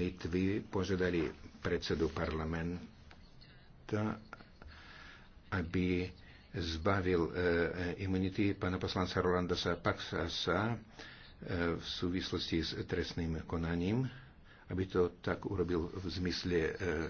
Litvy požiadali predsedu parlamenta, aby zbavil uh, imunity pána poslanca Rolandasa Paxasa uh, e, v súvislosti s trestným konaním, aby to tak urobil v zmysle uh,